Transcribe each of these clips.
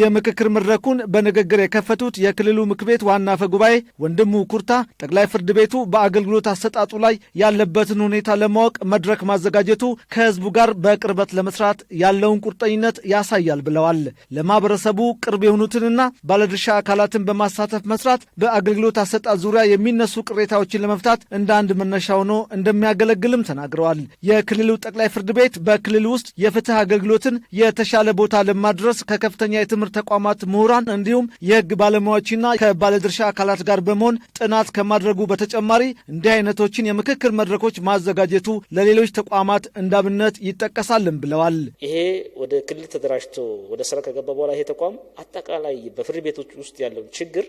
የምክክር መድረኩን በንግግር የከፈቱት የክልሉ ምክር ቤት ዋና አፈ ጉባኤ ወንድሙ ኩርታ ጠቅላይ ፍርድ ቤቱ በአገልግሎት አሰጣጡ ላይ ያለበትን ሁኔታ ለማወቅ መድረክ ማዘጋጀቱ ከህዝቡ ጋር በቅርበት ለመስራት ያለውን ቁርጠኝነት ያሳያል ብለዋል። ለማህበረሰቡ ቅርብ የሆኑትንና ባለድርሻ አካላትን በማሳተፍ መስራት በአገልግሎት አሰጣጥ ዙሪያ የሚነሱ ቅሬታዎችን ለመፍታት እንደ አንድ መነሻ ሆኖ እንደሚያገለግልም ተናግረዋል። የክልሉ ጠቅላይ ፍርድ ቤት በክልሉ ውስጥ የፍትህ አገልግሎትን የተሻለ ቦታ ለማድረስ ከከፍተኛ የትምህርት የትምህርት ተቋማት ምሁራን እንዲሁም የህግ ባለሙያዎችና ከባለድርሻ አካላት ጋር በመሆን ጥናት ከማድረጉ በተጨማሪ እንዲህ አይነቶችን የምክክር መድረኮች ማዘጋጀቱ ለሌሎች ተቋማት እንዳብነት ይጠቀሳልን ብለዋል። ይሄ ወደ ክልል ተደራጅቶ ወደ ስራ ከገባ በኋላ ይሄ ተቋም አጠቃላይ በፍርድ ቤቶች ውስጥ ያለውን ችግር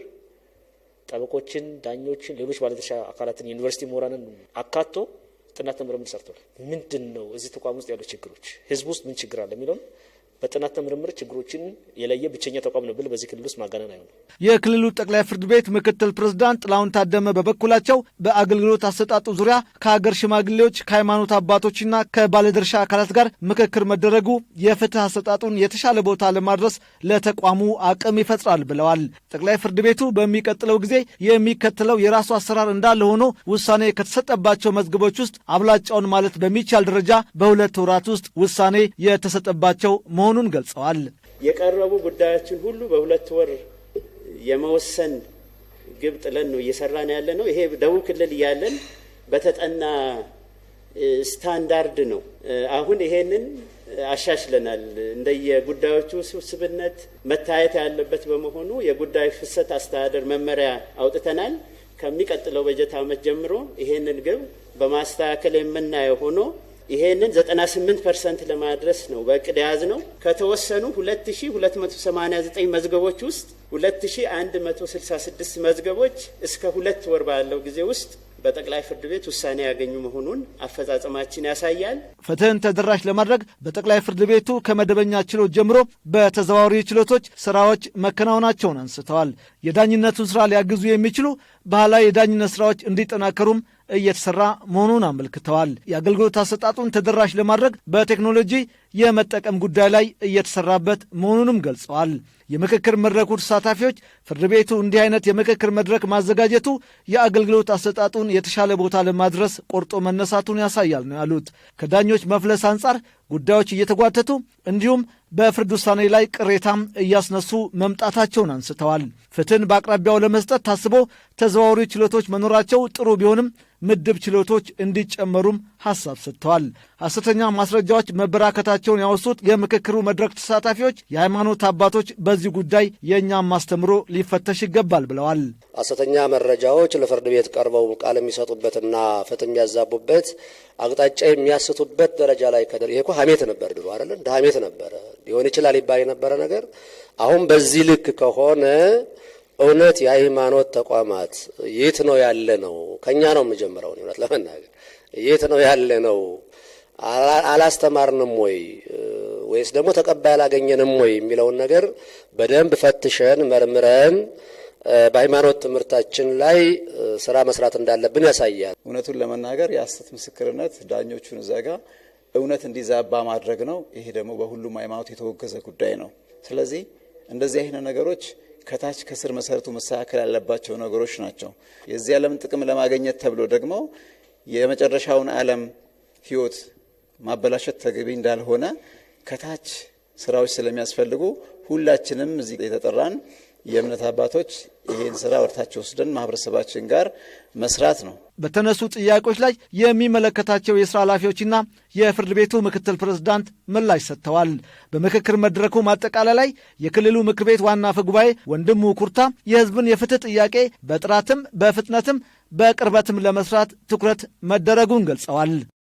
ጠበቆችን፣ ዳኞችን፣ ሌሎች ባለድርሻ አካላትን፣ ዩኒቨርሲቲ ምሁራንን አካቶ ጥናት ምርምር ሰርቷል። ምንድን ነው እዚህ ተቋም ውስጥ ያሉ ችግሮች፣ ህዝብ ውስጥ ምን ችግር አለ የሚለውን በጥናት ምርምር ችግሮችን የለየ ብቸኛ ተቋም ነው ብል በዚህ ክልል ውስጥ ማጋነን አይሆንም። የክልሉ ጠቅላይ ፍርድ ቤት ምክትል ፕሬዝዳንት ጥላሁን ታደመ በበኩላቸው በአገልግሎት አሰጣጡ ዙሪያ ከሀገር ሽማግሌዎች፣ ከሃይማኖት አባቶችና ከባለድርሻ አካላት ጋር ምክክር መደረጉ የፍትህ አሰጣጡን የተሻለ ቦታ ለማድረስ ለተቋሙ አቅም ይፈጥራል ብለዋል። ጠቅላይ ፍርድ ቤቱ በሚቀጥለው ጊዜ የሚከተለው የራሱ አሰራር እንዳለ ሆኖ ውሳኔ ከተሰጠባቸው መዝገቦች ውስጥ አብላጫውን ማለት በሚቻል ደረጃ በሁለት ወራት ውስጥ ውሳኔ የተሰጠባቸው መሆ መሆኑን ገልጸዋል። የቀረቡ ጉዳዮችን ሁሉ በሁለት ወር የመወሰን ግብ ጥለን ነው እየሰራን ያለ ነው። ይሄ ደቡብ ክልል እያለን በተጠና ስታንዳርድ ነው። አሁን ይሄንን አሻሽለናል። እንደየጉዳዮቹ ስብስብነት መታየት ያለበት በመሆኑ የጉዳይ ፍሰት አስተዳደር መመሪያ አውጥተናል። ከሚቀጥለው በጀት ዓመት ጀምሮ ይሄንን ግብ በማስተካከል የምናየው ሆኖ ይሄንን 98 ፐርሰንት ለማድረስ ነው በእቅድ የያዝ ነው። ከተወሰኑ 2289 መዝገቦች ውስጥ 2166 መዝገቦች እስከ ሁለት ወር ባለው ጊዜ ውስጥ በጠቅላይ ፍርድ ቤት ውሳኔ ያገኙ መሆኑን አፈጻጸማችን ያሳያል። ፍትህን ተደራሽ ለማድረግ በጠቅላይ ፍርድ ቤቱ ከመደበኛ ችሎት ጀምሮ በተዘዋዋሪ ችሎቶች ስራዎች መከናወናቸውን አንስተዋል። የዳኝነቱን ስራ ሊያግዙ የሚችሉ ባህላዊ የዳኝነት ስራዎች እንዲጠናከሩም እየተሰራ መሆኑን አመልክተዋል። የአገልግሎት አሰጣጡን ተደራሽ ለማድረግ በቴክኖሎጂ የመጠቀም ጉዳይ ላይ እየተሰራበት መሆኑንም ገልጸዋል። የምክክር መድረኩ ተሳታፊዎች ፍርድ ቤቱ እንዲህ አይነት የምክክር መድረክ ማዘጋጀቱ የአገልግሎት አሰጣጡን የተሻለ ቦታ ለማድረስ ቆርጦ መነሳቱን ያሳያል ነው ያሉት። ከዳኞች መፍለስ አንጻር ጉዳዮች እየተጓተቱ እንዲሁም በፍርድ ውሳኔ ላይ ቅሬታም እያስነሱ መምጣታቸውን አንስተዋል። ፍትህን በአቅራቢያው ለመስጠት ታስቦ ተዘዋዋሪ ችሎቶች መኖራቸው ጥሩ ቢሆንም ምድብ ችሎቶች እንዲጨመሩም ሀሳብ ሰጥተዋል። ሐሰተኛ ማስረጃዎች መበራከታቸውን ያወሱት የምክክሩ መድረክ ተሳታፊዎች የሃይማኖት አባቶች በዚህ ጉዳይ የእኛም ማስተምሮ ሊፈተሽ ይገባል ብለዋል። ሐሰተኛ መረጃዎች ለፍርድ ቤት ቀርበው ቃል የሚሰጡበትና ፍትህ የሚያዛቡበት አቅጣጫ የሚያስቱበት ደረጃ ላይ ከደረ ይሄ እኮ ሀሜት ነበር ድሮ አይደለ? እንደ ሀሜት ነበረ ሊሆን ይችላል ይባል የነበረ ነገር አሁን በዚህ ልክ ከሆነ እውነት የሃይማኖት ተቋማት የት ነው ያለ ነው? ከእኛ ነው የምጀምረው እውነት ለመናገር የት ነው ያለ ነው? አላስተማርንም ወይ ወይስ ደግሞ ተቀባይ አላገኘንም ወይ የሚለውን ነገር በደንብ ፈትሸን መርምረን በሃይማኖት ትምህርታችን ላይ ስራ መስራት እንዳለብን ያሳያል። እውነቱን ለመናገር የሐሰት ምስክርነት ዳኞቹን ዘጋ እውነት እንዲዛባ ማድረግ ነው። ይሄ ደግሞ በሁሉም ሃይማኖት የተወገዘ ጉዳይ ነው። ስለዚህ እንደዚህ አይነት ነገሮች ከታች ከስር መሰረቱ መስተካከል ያለባቸው ነገሮች ናቸው። የዚህ ዓለም ጥቅም ለማገኘት ተብሎ ደግሞ የመጨረሻውን ዓለም ህይወት ማበላሸት ተገቢ እንዳልሆነ ከታች ስራዎች ስለሚያስፈልጉ ሁላችንም እዚህ የተጠራን የእምነት አባቶች ይህን ስራ ወርታቸው ወስደን ማህበረሰባችን ጋር መስራት ነው። በተነሱ ጥያቄዎች ላይ የሚመለከታቸው የስራ ኃላፊዎችና የፍርድ ቤቱ ምክትል ፕሬዝዳንት ምላሽ ሰጥተዋል። በምክክር መድረኩ ማጠቃለያ ላይ የክልሉ ምክር ቤት ዋና አፈ ጉባኤ ወንድሙ ኩርታ የህዝብን የፍትህ ጥያቄ በጥራትም በፍጥነትም በቅርበትም ለመስራት ትኩረት መደረጉን ገልጸዋል።